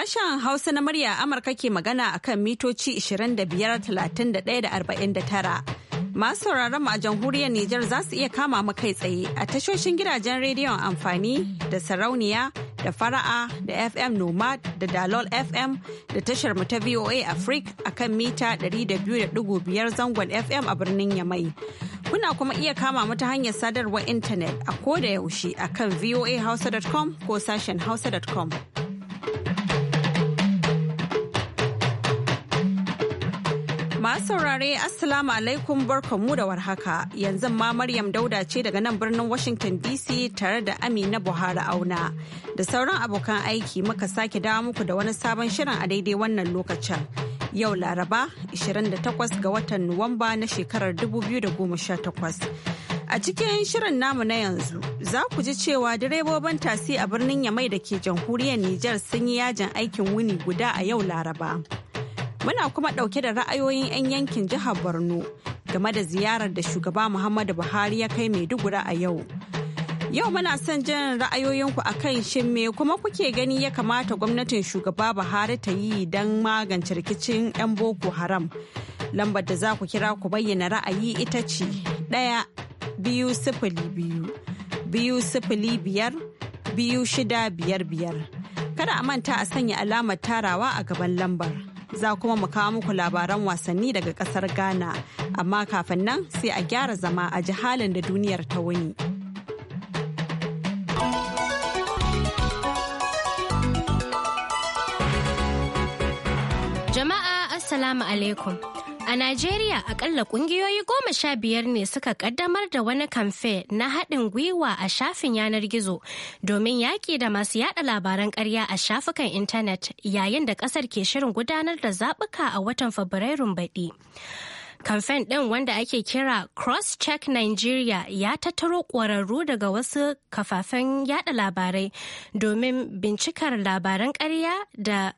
Sashen Hausa na murya Amurka ke magana a kan mitoci 25,31,49. da tara Masu sauraron mu a jamhuriyar Nijar za su iya kama mu kai tsaye a tashoshin gidajen rediyon amfani da sarauniya da fara'a da FM Nomad da Dalol FM da tashar mu ta VOA Africa kan mita 200.5 zangon FM a birnin Yamai. Kuna kuma iya kama mu ta hanyar sadarwar intanet a koda yaushe kan voahausa.com ko sashen hausa.com. Masu saurare Assalamu alaikum barkamu da warhaka yanzu ma Maryam Dauda ce daga nan birnin Washington DC tare da Amina Buhari auna da sauran abokan aiki muka sake dawo muku da wani sabon shirin a daidai wannan lokacin. Yau Laraba 28 ga watan Nuwamba na shekarar 2018. A cikin shirin namu na yanzu za ku ji cewa direbobin tasi a birnin Yamai da ke jamhuriyar Nijar sun yi yajin aikin wuni guda a yau Laraba. Muna kuma ɗauke da ra'ayoyin 'yan yankin jihar Borno game da ziyarar da shugaba Muhammadu Buhari ya kai Maiduguri a yau. Yau muna son jin ra'ayoyinku a kan shin me kuma kuke gani ya kamata gwamnatin shugaba Buhari ta yi don magance rikicin 'yan Boko Haram. Lambar da za ku kira ku bayyana ra'ayi ita ce ɗaya biyu sifili biyu biyu sifili biyar biyu shida biyar biyar. Kada a manta a sanya alamar tarawa a gaban lambar. za kuma mu kawo muku labaran wasanni daga kasar Ghana. Amma kafin nan sai a gyara zama a ji halin da duniyar ta wuni. Jama'a Assalamu alaikum. A Najeriya akalla kungiyoyi goma sha biyar ne suka kaddamar da wani kamfe na haɗin gwiwa a shafin yanar gizo domin yaƙi da masu yada labaran ƙarya a shafukan intanet yayin da ƙasar ke shirin gudanar da zaɓuka a watan Fabrairun baɗi. Kamfen ɗin wanda ake kira Cross Check Nigeria ya tattaro ƙwararru daga wasu kafafen yada labarai domin bincikar labaran ƙarya da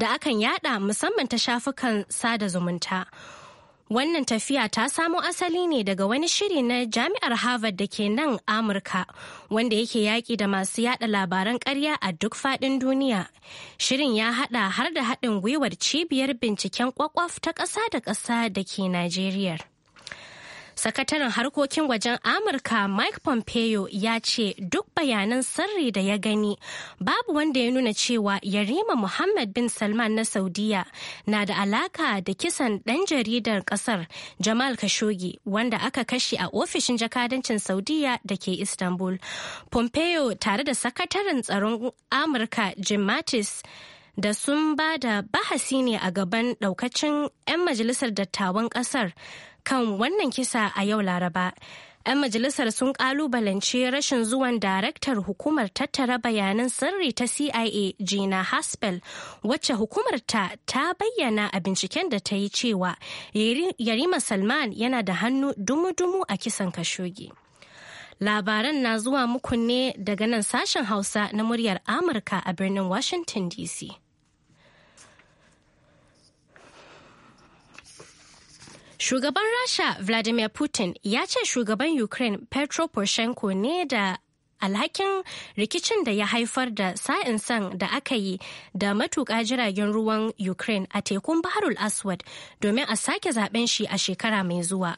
da akan yada musamman ta shafukan sada zumunta. Wannan tafiya ta samo asali ne daga wani shiri na Jami'ar Harvard da ke nan Amurka wanda yake yaƙi da masu yada labaran ƙarya a duk faɗin duniya. Shirin ya haɗa har da haɗin gwiwar cibiyar binciken ƙwaƙwaf ta ƙasa da ƙasa da ke Najeriya. sakataren harkokin wajen amurka mike pompeo ya ce duk bayanan sirri da ya gani babu wanda ya nuna cewa yarima muhammad bin salman na saudiya na da alaka da kisan ɗan jaridar ƙasar jamal khashoggi wanda aka kashe a ofishin jakadancin saudiya da ke istanbul pompeo tare da sakataren tsaron amurka jim mattis da sun ba da bahasi ne a gaban ɗaukacin 'yan majalisar dattawan ƙasar. kan wannan kisa a yau laraba 'yan majalisar sun kalubalance rashin zuwan daraktar hukumar tattara bayanan sirri ta cia gina haspel wacce hukumarta ta ta bayyana a binciken da ta yi cewa yarima salman yana da hannu dumu-dumu a kisan kashogi labaran na zuwa muku ne daga nan sashen hausa na muryar amurka a birnin washington dc Shugaban Rasha Vladimir Putin ya ce shugaban Ukraine Petro Poroshenko ne da alhakin rikicin da ya haifar da sa'in san da aka yi da matuƙa jiragen ruwan ukraine a tekun baharul aswad domin a sake zaben shi a shekara mai zuwa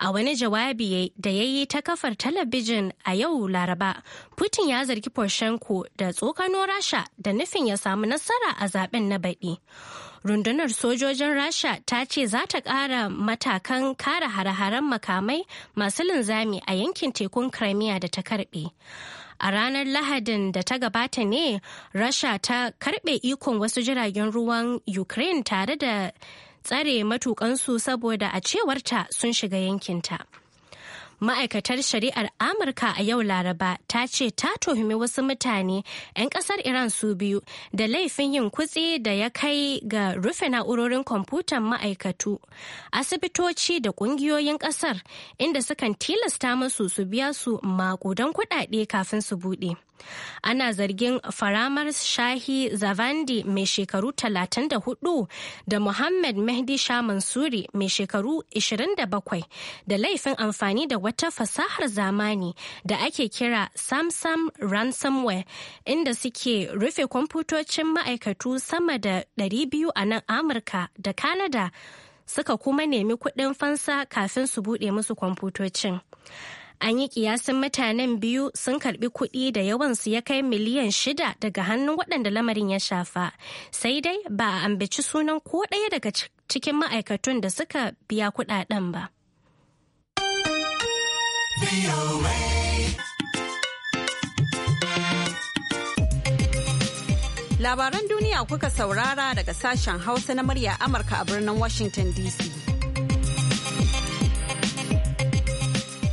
a wani jawabi da ya yi ta kafar talabijin a yau laraba putin ya zargi poroshenko da tsokano rasha da nufin ya samu nasara a zaben na baɗi rundunar sojojin rasha ta ce za ta ƙara matakan kare hare-haren makamai masu linzami a yankin tekun crimea da ta karbe a ranar lahadin da ta gabata ne rasha ta karbe ikon wasu jiragen ruwan ukraine tare da tsare matukansu saboda a cewarta sun shiga yankinta. ma'aikatar shari'ar amurka a yau laraba ta ce ta tuhumi wasu mutane 'yan kasar iran su biyu da laifin yin kutse da ya kai ga rufe na'urorin kwamfutan ma'aikatu asibitoci da kungiyoyin kasar inda sukan tilasta musu su biya su makudan kuɗaɗe kafin su buɗe ana zargin faramar shahi zavandi mai shekaru 34 da muhammad mehdi shamansuri mai shekaru 27 da laifin amfani da wata fasahar zamani da ake kira samsung ransomware inda suke rufe kwamfutocin ma'aikatu sama da 200 a nan amurka da kanada suka kuma nemi kuɗin fansa kafin su buɗe musu kwamfutocin. an yi kiyasin mutanen biyu sun karbi kuɗi da yawansu ya kai miliyan shida daga hannun waɗanda lamarin ya shafa sai dai ba a ambaci sunan ko ɗaya daga cikin ma'aikatun da suka biya kuɗaɗen ba. Labaran duniya kuka saurara daga sashen Hausa na murya Amurka a birnin Washington DC.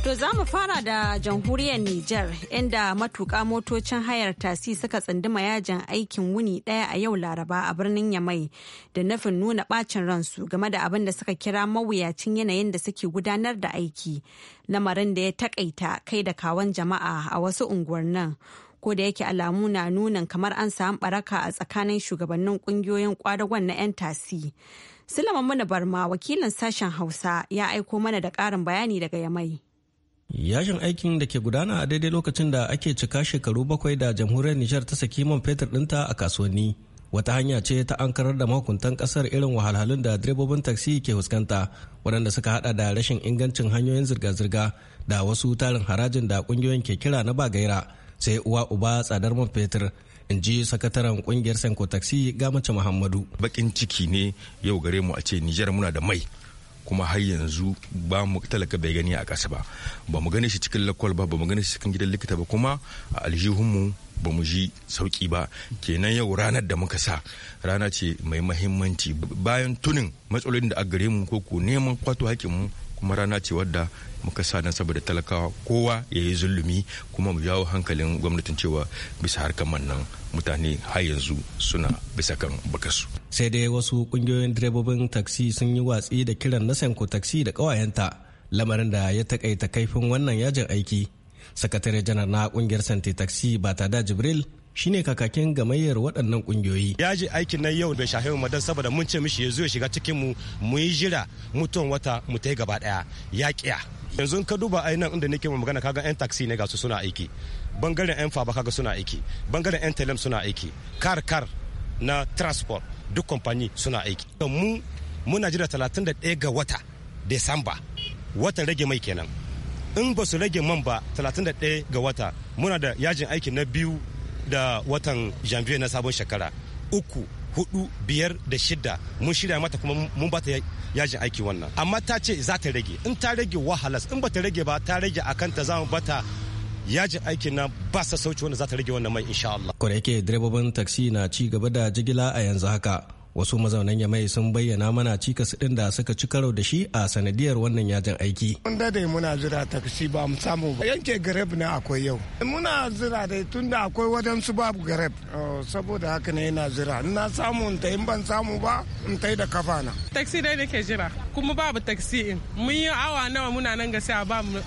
To za mu fara da jamhuriyar Nijar inda matuƙa motocin hayar tasi suka tsunduma yajin aikin wuni ɗaya a yau Laraba a birnin Yamai da nufin nuna ɓacin ransu game da abin da suka kira mawuyacin yanayin da suke gudanar da aiki. Lamarin da ya takaita kai da kawan jama'a a wasu unguwannin. Ko da yake alamu na nunan kamar an samu baraka a tsakanin shugabannin kungiyoyin kwadagon na 'yan tasi. Sulaiman Mana Barma wakilin sashen Hausa ya aiko mana da ƙarin bayani daga Yamai. Yajin aikin da ke gudana a daidai lokacin da ake cika shekaru bakwai da jamhuriyar Nijar ta saki man fetur dinta a kasuwanni. Wata hanya ce ta an da mahukuntan ƙasar irin wahalhalun da direbobin taksi ke fuskanta waɗanda suka hada da rashin ingancin hanyoyin zirga-zirga da wasu tarin harajin da kungiyoyin ke kira na ba gaira sai uwa uba tsadar man fetur in ji sakataren ƙungiyar sanko taksi ga mace muhammadu bakin ciki ne yau gare mu a ce nijar muna da mai kuma har yanzu ba mu talaka bai gani a ƙasa ba ba mu gane shi cikin lakwal ba ba mu gane shi cikin gidan likita ba kuma a aljihunmu ba mu ji sauki ba kenan yau ranar da muka sa rana ce mai mahimmanci bayan tunin matsalolin da a gare mu ko ko neman kwato hakinmu kuma rana ce wadda muka sa dan saboda talakawa kowa ya yi zulumi kuma mu jawo hankalin gwamnatin cewa bisa harkar mannan mutane har yanzu suna bisa kan bakasu. sai dai wasu kungiyoyin direbobin taksi sun yi watsi da kiran na sanko taksi da kawayenta lamarin da ya takaita kaifin wannan yajin aiki sakatare janar na kungiyar sante taksi ba da jibril shine kakakin gamayyar waɗannan ƙungiyoyi. ji aikin nan yau bai shafe madan saboda mun ce mishi ya zo ya shiga cikin mu mu yi jira mutuwan wata mu yi gaba ɗaya ya kiya. Yanzu ka duba ai nan inda nake magana kaga 'yan taxi ne ga suna aiki. Bangaren 'yan faba kaga suna aiki. Bangaren 'yan telem suna aiki. Kar kar na transport duk kamfani suna aiki. Mu muna jira 31 ga wata Desamba watan rage mai kenan. In ba su rage man ba 31 ga wata muna da yajin aiki na biyu da watan janvier na sabon shekara uku hudu biyar da shida mun shirya mata kuma mun bata yajin aiki wannan amma ta ce za ta rage in ta rage wahalas in bata rage ba ta rage akan ta za bata yajin aiki na ba sa sauci wanda za ta rage wannan mai insha Allah. Kwarai direbobin taksi na ci gaba da jigila a yanzu haka wasu mazaunan yamai sun bayyana mana cikas din da suka ci karo da shi a sanadiyar wannan yajin aiki mun dade muna jira taksi ba mu samu ba yanke gareb ne akwai yau muna jira dai tunda akwai su babu gareb oh, saboda haka ne yana jira na samu in ban samu ba in da na. taksi dai nake jira kuma babu taxi in mun yi awa nawa muna nan ga sai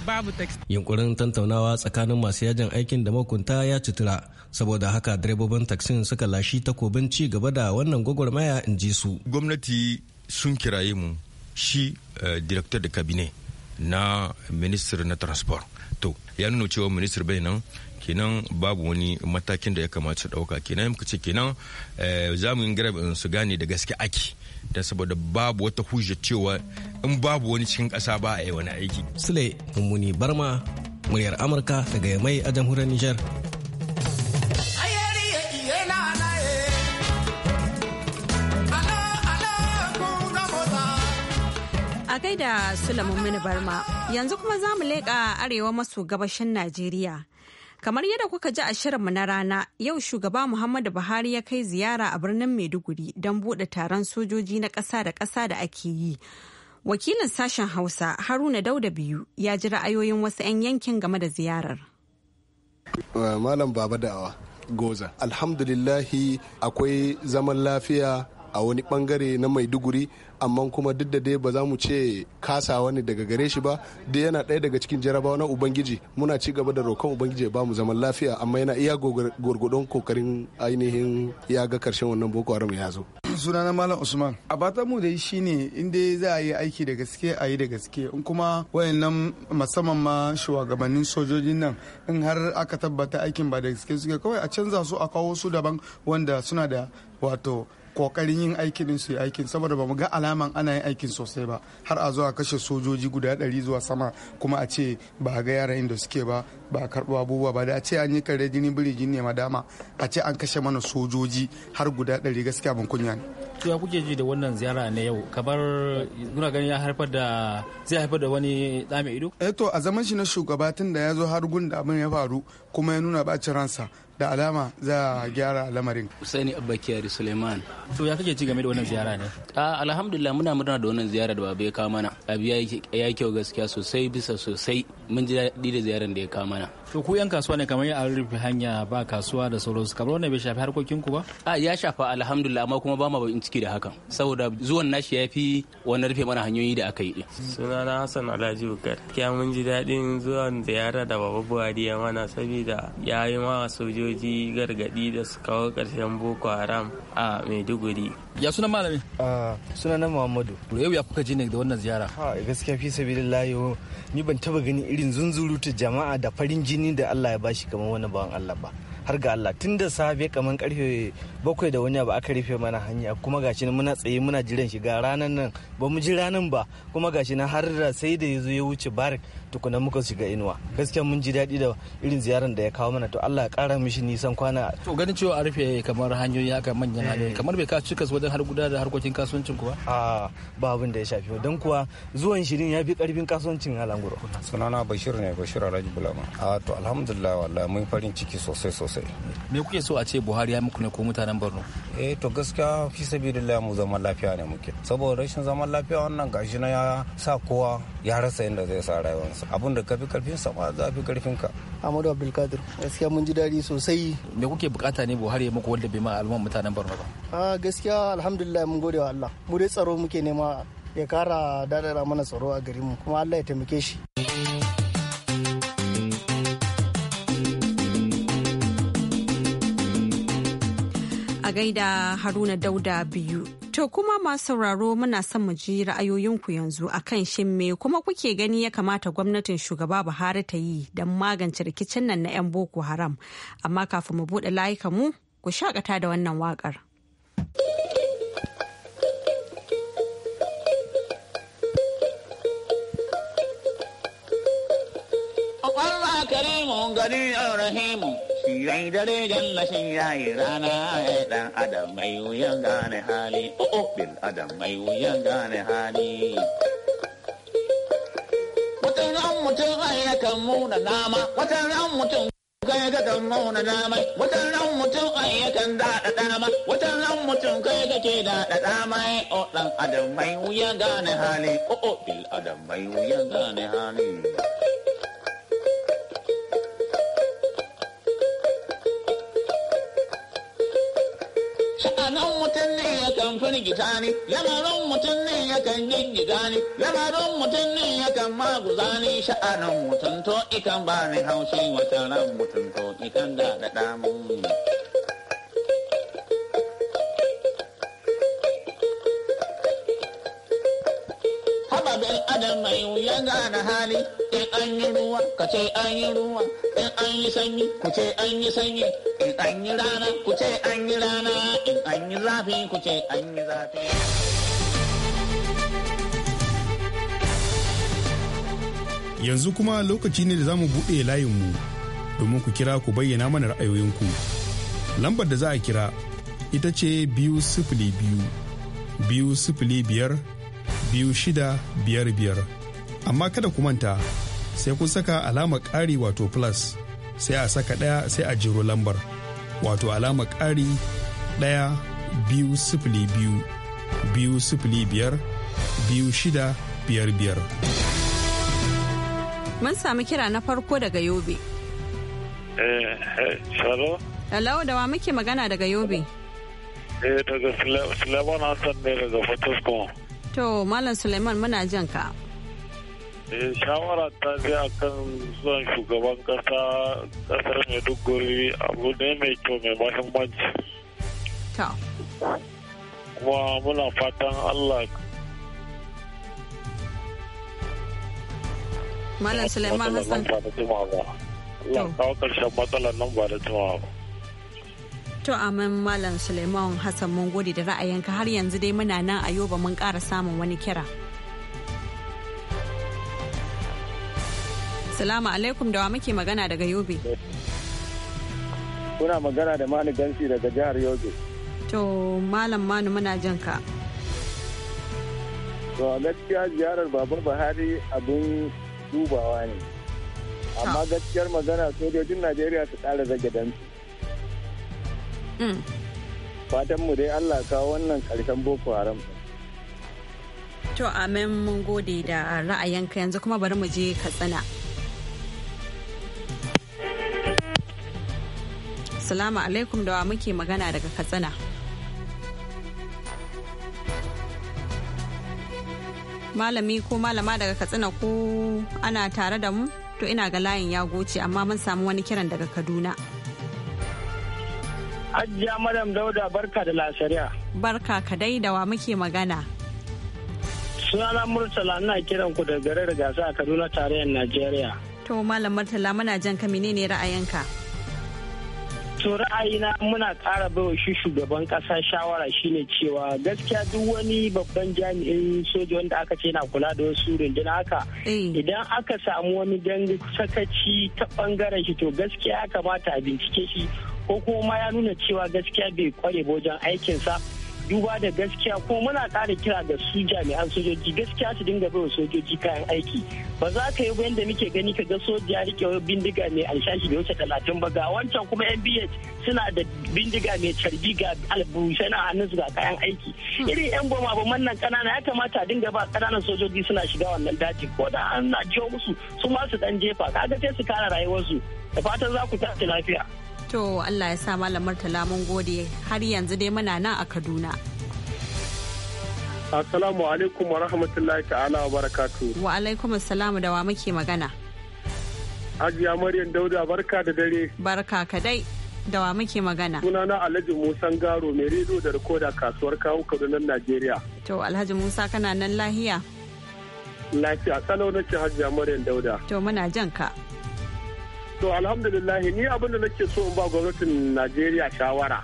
babu taxi. yunkurin tantaunawa tsakanin masu yajin aikin da makunta ya cutura saboda haka direbobin taksin suka lashi takobin ci gaba da wannan gwagwarmaya in ji su gwamnati sun kiraye mu shi eh, director da kabine na minister na transport to ya nuna cewa minister bai nan kenan babu wani matakin da ya kamata su dauka kenan muka ce kenan eh, za mu yi su gane da gaske ake da saboda babu wata hujja cewa in babu wani cikin ƙasa ba a yi wani aiki. Sule Mummuni Barma, muryar Amurka daga Yamai a jamhuriyar Nijar. A gaida Sule Mummuni Barma, yanzu kuma za mu leƙa arewa maso gabashin Najeriya. Kamar yadda kuka ji a shirinmu na rana, yau shugaba Muhammadu Buhari ya kai ziyara a birnin Maiduguri don buɗe taron sojoji na ƙasa da ƙasa da ake yi. Wakilin sashen Hausa Haruna Dauda biyu ya ji ra'ayoyin wasu 'yan yankin game da ziyarar. Malam Baba Da'awa Goza, alhamdulillahi akwai zaman lafiya a wani bangare na maiduguri amma kuma duk da dai ba za mu ce kasawa wani daga gare shi ba dai yana ɗaya daga cikin jarabawa na ubangiji muna ci gaba da roƙon ubangiji ba mu zaman lafiya amma yana iya gorgodon kokarin ainihin ya ga karshen wannan boko haram ya zo sunana malam usman a bata mu dai shine in za a yi aiki da gaske a yi da gaske in kuma wayannan musamman ma shugabannin sojojin nan in har aka tabbata aikin ba da gaske suke kawai a canza su a kawo su daban wanda suna da wato kokarin yin aikin su yi aikin saboda ba mu ga alaman ana yin aikin sosai ba har a zuwa kashe sojoji guda ɗari zuwa sama kuma a ce ba a ga yaran inda suke ba ba a karɓo abubuwa ba da a ce an yi kare jini biriji ne madama a ce an kashe mana sojoji har guda ɗari gaskiya ban kunya ne. to ya kuke ji da wannan ziyara na yau kamar nuna ganin ya haifar da zai haifar da wani ɗame ido. eh to a zaman shi na shugaba tun da ya zo har gun da abin ya faru kuma ya nuna bacin ransa da alama za a gyara lamarin. Usaini Abba Kiyari Suleiman. To ya kake ci game da wannan ziyara ne? A alhamdulillah muna murna da wannan ziyara da babu ya kawo mana. Abu ya kyau gaskiya sosai bisa sosai mun ji daɗi da ziyarar da ya kawo mana. to ku yan kasuwa ne kamar a rufe hanya ba kasuwa da sauransu kamar wannan bai shafi harkokin ku ba a ya shafa alhamdulillah amma kuma ba mu bakin ciki da hakan saboda zuwan nashi ya fi wannan rufe mana hanyoyi da aka yi na hassan alhaji bukar kya mun ji daɗin zuwan ziyara da baba buhari ya mana saboda ya yi ma sojoji gargadi da su kawo ƙarshen boko haram a maiduguri ya suna malami suna na muhammadu yau ya kuka ji ne da wannan ziyara gaskiya fi sabilillahi ni ban taba gani irin ta jama'a da farin jini jini da Allah ya bashi kamar wani bawan Allah ba har ga Allah tun da safe kamar karfe bakwai da wani abu aka rufe mana hanya kuma gashi nan muna tsaye muna jiran shiga ranan nan ba mu ji ranan ba kuma gashi nan har da sai da ya zo ya wuce barik tukuna muka shiga inuwa gaskiya mun ji daɗi da irin ziyarar da ya kawo mana to Allah ya kara mishi nisan kwana to ganin cewa a rufe kamar hanyoyi aka manyan eh. hanyoyi kamar bai ka cikas wajen har gudanar da harkokin kasuwancin kuwa a ba abin da ya shafi don kuwa zuwan shirin ya fi karfin kasuwancin halanguro sunana bashir ne bashir alhaji bulama a to alhamdulillah wallahi mun farin ciki sosai sosai sosai me kuke so a ce buhari ya muku ne ko mutanen borno eh to gaskiya fi sabilillah mu zaman lafiya ne muke saboda rashin zaman lafiya wannan gashi na ya sa kowa ya rasa inda zai sa rayuwarsa abin da kafi karfin sa ma za fi karfin ka Amadu Abdulkadir gaskiya mun ji daɗi sosai me kuke bukata ne buhari ya muku wanda bai ma al'umma mutanen borno ba a gaskiya alhamdulillah mun gode wa Allah mu dai tsaro muke nema ya kara dadara mana tsaro a garinmu kuma Allah ya taimake shi gaida Haruna Dauda biyu. To kuma masu sauraro muna son mu ji ra'ayoyinku yanzu a kan shin me kuma kuke gani ya kamata gwamnatin shugaba Buhari ta yi don magance rikicin nan na 'yan Boko Haram. Amma kafin mu buɗe layuka mu ku shakata da wannan wakar Allah karimu gani rahimu shi dare dare na shi ya yi rana ai dan adam mai wuya gane hali o oh, o oh, bil adam mai wuya gane hali watan ran mutum ai yakan muna nama watan ran mutum kai ga kan muna nama watan ran mutum ai yakan daɗa dama watan ran mutum kai ga ke daɗa dama ai oh, o dan adam mai wuya gane hali o o bil adam mai wuya gane hali lamarin mutum ne ya kan firgita ne lamarin mutum ne ya kan gingida ne lamarin mutum ne ya kan maguza ne sha'anan mutum to ikan ba ni haushi wata ran mutum to ikan da da damun haba bin adam mai wuyan gane hali an yi ruwa ka ce an yi ruwa in an yi sanyi ku ce an yi sanyi in an yi rana ku ce an yi rana in an yi zafi ku ce an yi zafi yanzu kuma lokaci ne da za mu buɗe layinmu domin ku kira ku bayyana mana ra'ayoyinku lambar da za a kira ita ce biyu sifili biyu biyu sifili biyar biyu shida biyar biyar amma kada ku manta sai kun saka alama ƙari wato plus sai a saka ɗaya sai a jiro lambar wato alama ƙari ɗaya biyu sifili biyu biyu sifili biyar biyu shida biyar biyar. Mun sami kira na farko daga Yobe. eh, eh Hello, da wa muke magana daga Yobe? Eh, daga Suleiman Hassan ne daga Fatosko. To, Malam Suleiman muna jan ka. Eh shawara ta je akan zuwan shugaban kasa kasar Maiduguri abu ne mai kyau mai mahimmanci. Kuma muna fatan Allah Malam Suleiman Hassan. Allah kawo ƙarshen matsalar nan ba da jimawa ba. to amin malam suleiman hassan mun gode da ra'ayinka har yanzu dai muna nan a yoba mun ƙara samun wani kira. Assalamu alaikum da wa muke magana daga Yobe. Kuna magana da Manu Gansi daga jihar Yobe. To Malam Manu muna jan ka. To gaskiya ziyarar babur Buhari abin dubawa ne. Amma gaskiyar magana sojojin Najeriya su ƙara zage dansu. Mm. Fatan mu dai Allah kawo wannan ƙarshen Boko Haram. To amen mun gode da ra'ayinka yanzu kuma bari mu je Katsina. Assalamu alaikum da wa muke magana daga Katsina. Malami ko malama daga Katsina ko ana tare da mu? To ina ga layin ya goce amma mun samu wani kiran daga Kaduna. Hajiya Madam Dauda barka da lasariya. Barka ka dai da wa muke magana. Sunana Murtala ina kiran ku da garin gasa a Kaduna tarayyar Najeriya. To Malam Murtala muna jan ka menene ra'ayinka? to ra'ayina muna ƙara baiwa shi shugaban ƙasa shawara shine cewa gaskiya duk wani babban jami'in soja wanda aka ce na kula da wasu rundunar haka eh. idan aka samu wani dan sakaci ta ɓangaren shi to gaskiya ya kamata a bincike shi ko kuma ya nuna cewa gaskiya bai kware wajen aikinsa duba da gaskiya ko muna ƙara kira ga su jami'an sojoji gaskiya su dinga bai sojoji kayan aiki ba za ka yi yadda muke gani ka ga soja rike bindiga mai alshashi da wuce talatin ba ga wancan kuma nbh suna da bindiga mai carbi ga alburushe na ga kayan aiki irin yan goma ba mannan kanana ya kamata dinga ba kananan sojoji suna shiga wannan daji ko da an na jiyo musu su ma su dan jefa kaga sai su kara rayuwarsu da fatan za ku tashi lafiya. To Allah ya sa malamar Murtala mun gode har yanzu dai muna nan a Kaduna. Assalamu alaikum wa rahmatullahi ta'ala wa barakatu. Wa alaikum assalamu da wa muke magana. Hajiya Maryam Dauda barka da dare. Barka ka dai. Da wa muke magana. Sunana Alhaji Musa Garo mai rediyo da rikoda kasuwar kawo Kaduna Najeriya. To Alhaji Musa kana nan lahiya? Lafiya salo nake Hajiya Maryam Dauda. To muna jan ka. To alhamdulillah ni abin da nake so in ba gwamnatin Najeriya shawara.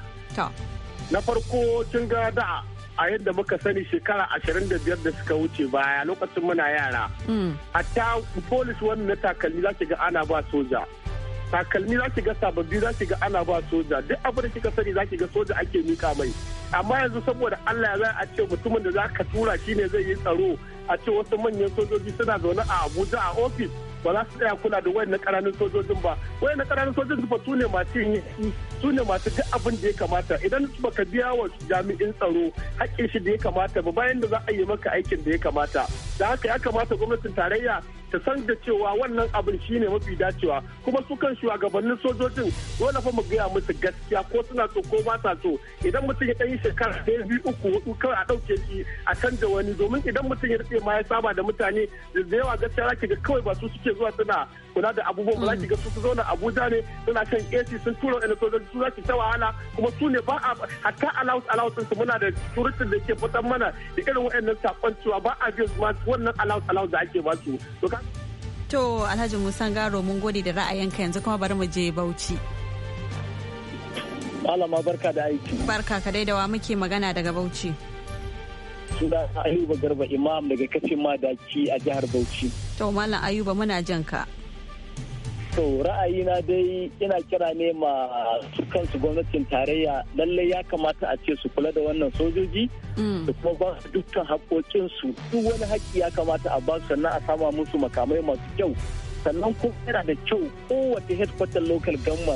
Na farko kin ga da a yadda muka sani shekara ashirin da biyar da suka wuce baya lokacin muna yara. Mm. Hatta polis wannan na takalmi za ki ga ana ba soja. takalmi za ki ga sababbi za ki ga ana ba soja duk abin da kika sani za ki ga soja ake mika mai amma yanzu saboda Allah ya za a ce mutumin da za ka tura shine zai yi tsaro a ce wasu manyan sojoji suna zaune a Abuja a ofis ba za su tsaya kula da na ƙananan sojojin ba na ƙananan sojojin ba su ne masu yin su ne masu duk abin da ya kamata idan baka biya wa jami'in tsaro haƙƙin shi da ya kamata ba bayan da za a yi maka aikin da ya kamata da haka ya kamata gwamnatin tarayya ta san da cewa wannan abin shi ne mafi dacewa kuma su kan shugabannin sojojin dole fa mu gaya musu gaskiya ko suna so ko ba sa so idan mutum ya ɗanyi shekara ɗaya biyu uku hudu kawai a ɗauke shi a canza wani domin idan mutum ya rufe ma ya saba da mutane da yawa gaskiya za ki ga kawai ba su suke zuwa suna kula da abubuwan ba za ki ga su zauna Abuja ne suna kan AC sun tura wani sojoji su za ki ta wahala kuma su ne ba a hatta allowance allowance su muna da turistin da ke fitan mana da irin waɗannan sakon cewa ba a biyan wannan allowance allowance da ake ba su. To Alhaji Musa Garo mun gode da ra'ayinka yanzu kuma bari mu je Bauchi. Malama barka da aiki. Barka ka dai wa muke magana daga Bauchi. Suna Ayuba Garba Imam daga kacin madaki a jihar Bauchi. To Malam Ayuba muna jan ka. To ra'ayina dai ina kira ne ma su gwamnatin tarayya lallai ya kamata a ce su kula da wannan sojoji mm. da kuma ba su dukkan haƙoƙinsu duk wani haƙƙi ya kamata a ba sannan a sama musu makamai masu kyau sannan kuma yana da kyau kowace headquarter local gamma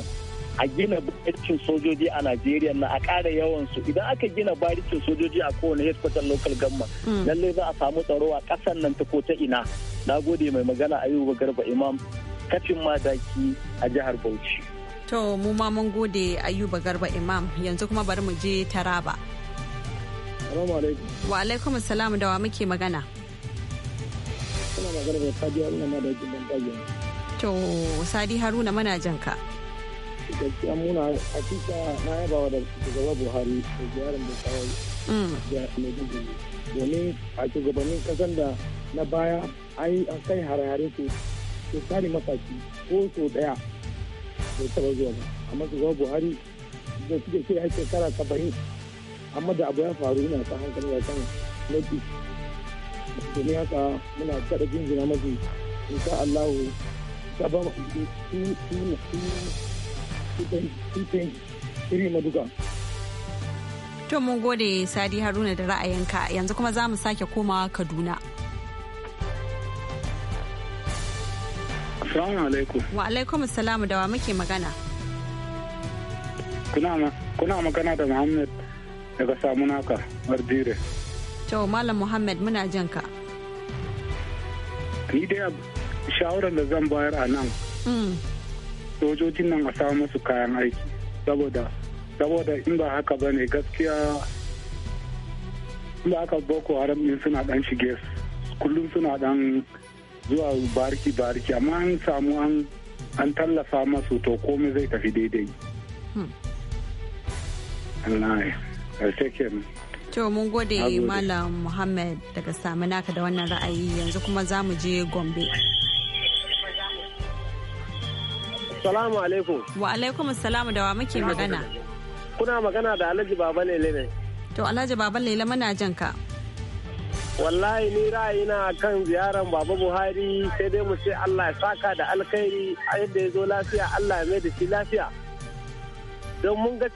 a gina barikin sojoji a Najeriya na a ƙara yawan su idan aka gina barikin sojoji a kowane headquarter local gamma lallai za a samu tsaro a ƙasar nan ta ko ta ina na gode mai magana ayuba garba imam kafin madaki a jihar Bauchi. To mu ma mun gode Ayuba Garba Imam yanzu kuma bari mu je Taraba. Wa alaikum salam da wa muke magana. Kuna magana da Sadi Haruna Madaki Bantaji. To Sadi Haruna mana janka. Gaskiya muna hakika na yaba wa daga shugaba Buhari da ziyarar da ta da mm. Domin a shugabannin kasan da na baya an kai hare-hare sosai su kare mataki ko so daya da taɓa zuwa ba amma su zama buhari da suke sai ya shekara saba'in amma da abu ya faru yana ta hankali ya kan mafi domin haka muna kaɗa jinjina mafi insha Allah ta ba mu su maduka. To mun gode Sadi Haruna da ra'ayinka yanzu kuma za mu sake komawa Kaduna. Assalamu alaikum. Wa alaikum assalamu da wa muke magana. Kuna magana da Muhammad daga Samunaka, Mardire. To Malam Muhammad muna jan ka. Ni dai shawarar da zan bayar a nan. Mm. Sojojin nan a samu musu kayan aiki saboda saboda in ba haka ba ne gaskiya in ba haka boko haram din suna dan shige kullum suna dan zuwa barki barki amma an samu an tallafa masu to komai zai tafi daidai hmm. To mun gode Malam Muhammad daga sami naka da wannan ra'ayi yanzu kuma za mu je Gombe. Salamu alaikum. Wa alaikum salamu da wa muke magana. Kuna magana da Alhaji Baba Lele ne. To Alhaji Baba Lele muna jan ka. wallahi ni ra'ayina kan ziyarar baba buhari sai dai mu ce allah ya saka da alkhairi a yadda ya zo lafiya allah ya mai da shi lafiya don mun ga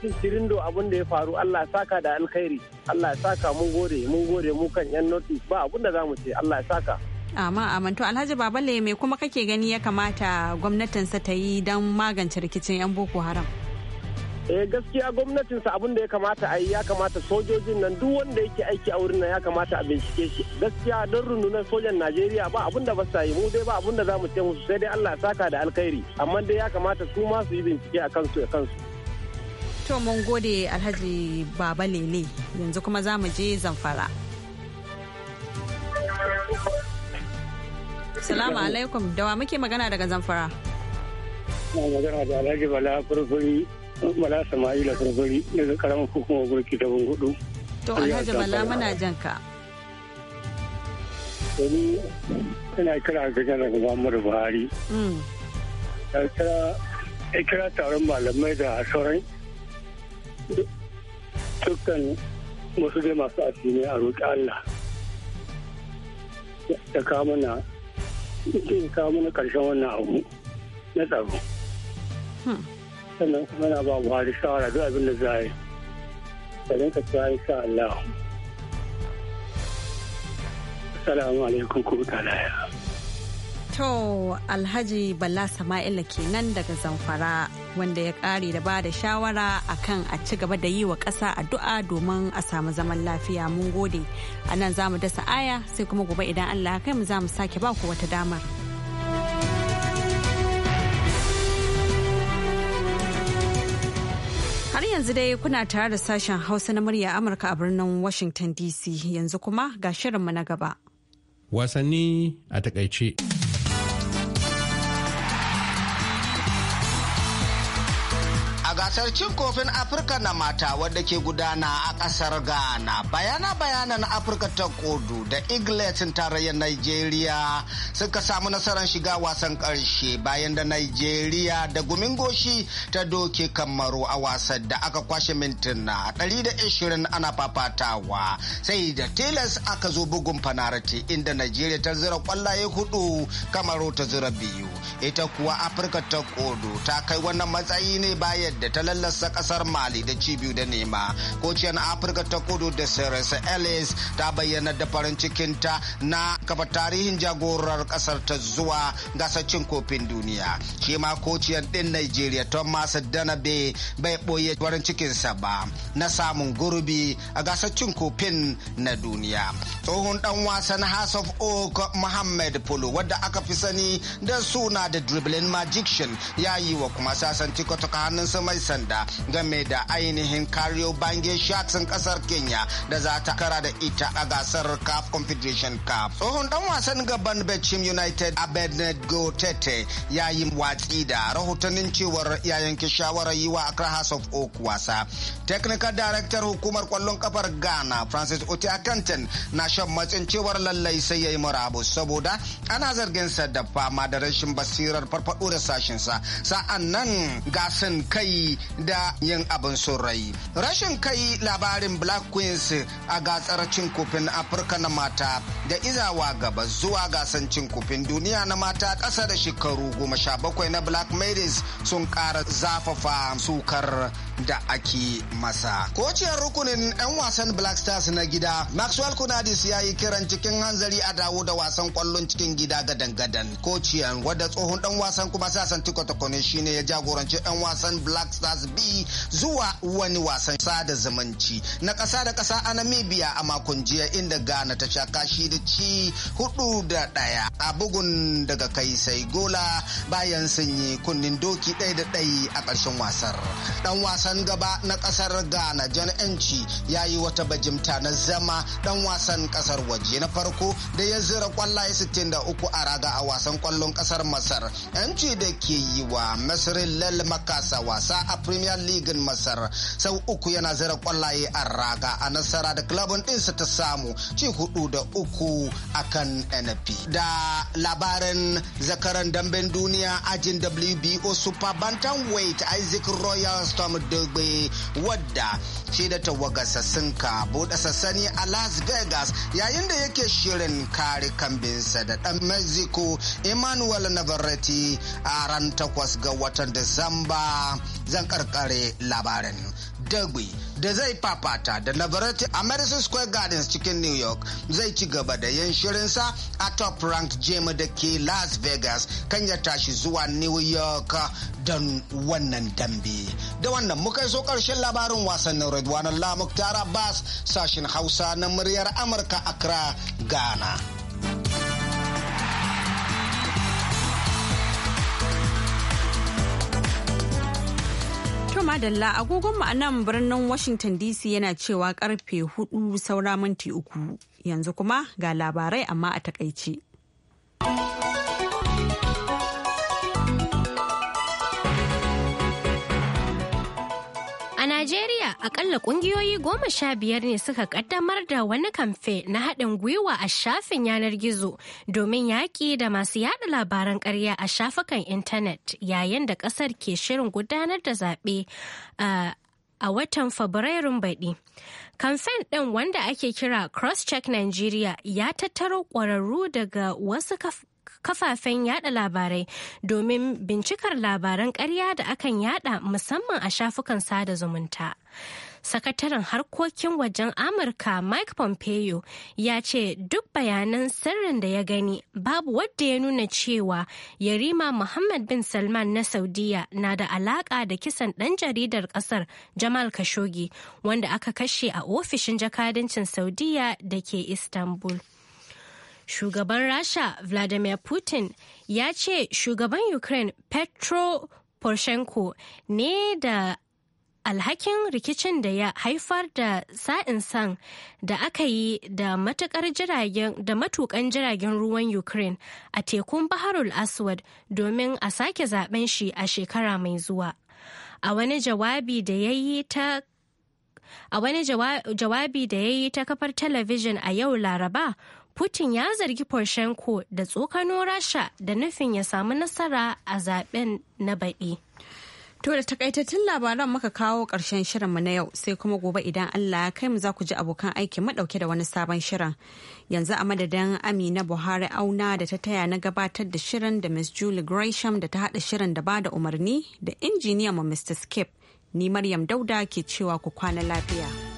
do abin da ya faru allah ya saka da alkhairi allah ya saka mun gode mun gode mu kan yan noti ba abin da za mu ce allah ya saka amma amman to alhaji babale me kuma kake gani ya kamata sa ta yi don magance rikicin yan boko haram eh gaskiya sa abin da ya kamata a yi ya kamata sojojin nan duk wanda yake aiki a wurin nan ya kamata a bincike shi gaskiya don rundunar sojan najeriya ba abin da ba sa yi mu dai ba abin da za mu ce musu sai dai allah saka da alkhairi amma dai ya kamata su ma su yi bincike a kansu a kansu to mun gode alhaji baba lele yanzu kuma za mu je zamfara salamu alaikum dawa muke magana daga zamfara magana da alhaji bala Furfuri Bala Sama'ila Gurguri daga karamin hukumar gurki ta hudu. To Alhaji Bala muna jan ka. Domin yana kira ga janar Muhammadu Buhari. Mm. Ya kira ya kira taron malamai da sauran dukkan wasu dai masu addinai a roƙi Allah ya kama na ƙarshen wannan abu na tsaro. Hmm. sannan kuma yana ba buhari shawara duk abin da za yi ka rinka cewa insha Allah assalamu alaikum ta laya. To Alhaji Bala Sama'ila kenan daga Zamfara wanda ya kare da ba da shawara akan a ci gaba da yi wa ƙasa addu'a domin a samu zaman lafiya mun gode. A nan za mu dasa aya sai kuma gobe idan Allah kai mu za mu sake ba ku wata damar. Har yanzu dai kuna tare da sashen Hausa na murya Amurka a birnin Washington DC yanzu kuma ga shirinmu na gaba. Wasanni a takaice. gasar cin kofin afirka na mata wadda ke gudana a kasar ghana bayana bayanan afirka ta kudu da igletin tarayyar nigeria suka samu nasarar shiga wasan karshe bayan da nigeria da gumin goshi ta doke kamaru a wasan da aka kwashe mintuna 120 ana fafatawa sai da tilas aka zo bugun fanarati inda nigeria ta zira kwallaye hudu kamaru ta zira biyu ita kuwa afirka ta kudu ta kai wannan matsayi ne bayan da ta ta lallasa kasar mali da cibiyu da nema kociyar afirka ta kudu da sarasa ellis ta bayyana da farin cikinta na kafa tarihin jagorar kasar ta zuwa gasar kofin duniya shi ma kociyar din nigeria thomas danabe bai boye farin cikinsa ba na samun gurbi a gasar kofin na duniya tsohon dan wasan house of oak muhammad polo wadda aka fi sani da suna da dribbling magician ya yi wa kuma sasanci kwataka hannunsa mai sanda game da ainihin kariyo bange sharks kasar kenya da za ta kara da ita a gasar caf confederation cup tsohon dan wasan gaban bechim united abednego tete ya yi watsi da rahotannin cewar ya yanke shawarar yi wa accra house of oak wasa technical director hukumar kwallon kafar ghana francis oti akanten na shan matsin cewar lallai sai ya yi murabus saboda ana zargin sa da fama da rashin basirar farfado da sashinsa sa'an nan gasan kai da yin abin son rai. Rashin kai labarin Black Queens a gasar cin kofin Afirka na mata da izawa gaba zuwa gasar cin kofin duniya na mata ƙasa da shekaru goma sha bakwai na Black Maidens sun kara zafafa sukar da ake masa. Kociyar rukunin 'yan wasan Black Stars na gida Maxwell Kunadis ya yi kiran cikin hanzari a dawo da wasan kwallon cikin gida ga dangadan. Kociyar wadda tsohon dan wasan kuma sasan tikwata kone shine ya jagoranci 'yan wasan Black Stars B zuwa wani wasan sada zumunci na ƙasa da ƙasa a Namibia a makon jiya inda Ghana ta sha kashi da ci hudu da ɗaya a bugun daga kai sai gola bayan sun yi kunnin doki ɗaya da ɗaya a ƙarshen wasar. Ɗan wasan gaba na ƙasar Ghana John Enchi ya yi wata bajimta na zama ɗan wasan ƙasar waje na farko da ya zira kwallaye 63 a raga a wasan kwallon ƙasar Masar. Enchi da ke yi wa Masirin Lal Makasa wasa a premier league masar sau uku yana zira kwallaye a raga a nasara da klabin ɗinsa ta samu ci hudu da uku akan np da labarin zakaran damben duniya ajin wbo super bantamweight isaac royal storm dogbe wadda shi da tawaga sassinka ka buɗe sassani a las vegas yayin da yake shirin kare kambinsa da ɗan mexico emmanuel navarrete a ran takwas ga watan disamba zan karkare labarin dagwi da zai fafata da labarati a madison square gardens cikin new york zai ci gaba da yin shirinsa a top ranked jema da ke las vegas kan ya tashi zuwa new york don wannan dambe da wannan muka so karshen labarin wasannin redwan lamuk tara bas sashen hausa na muryar amurka a accra ghana madalla agogon mu a nan birnin Washington DC yana cewa karfe hudu saura minti uku yanzu kuma ga labarai amma a takaice. Najeriya akalla kungiyoyi goma sha biyar ne suka kaddamar da wani kamfe na haɗin gwiwa a shafin yanar gizo domin yaƙi da masu yaɗa labaran ƙarya a shafukan intanet yayin da ƙasar ke shirin gudanar da zaɓe a watan Fabrairun baɗi. Kamfen ɗin wanda ake kira cross Crosscheck Nigeria ya tattaro ƙwararru daga wasu kafafen yada labarai domin bincikar labaran ƙarya da akan yada musamman a shafukan sada zumunta. sakataren harkokin wajen amurka mike pompeo ya ce duk bayanan sirrin da ya gani babu wadda ya nuna cewa yarima muhammad bin salman na saudiya na da alaka da kisan ɗan jaridar Ƙasar jamal khashoggi wanda aka kashe a ofishin jakadancin saudiya da ke istanbul Shugaban Rasha Vladimir Putin ya ce shugaban Ukraine Petro Poroshenko ne da alhakin rikicin da ya haifar da sa'in san da aka yi da matukar jiragen matukan jiragen ruwan ukraine a tekun baharul aswad domin a sake zaben shi a shekara mai zuwa a wani jawabi da ya yi ta a wani jawabi da ya yi ta kafar talabijin a yau laraba Putin ya zargi Poroshenko da tsokano Rasha da nufin ya samu nasara a zaben na baɗi. To da takaitattun labaran muka kawo ƙarshen mu na yau sai kuma gobe idan Allah ya kai mu za ku ji abokan aiki maɗauke da wani sabon shirin. Yanzu a madadin Amina Buhari Auna da ta taya na gabatar da shirin da Miss Julie Gresham da ta haɗa shirin da ba da umarni da injiniyan mu Mr. Skip. Ni Maryam Dauda ke cewa ku kwana lafiya.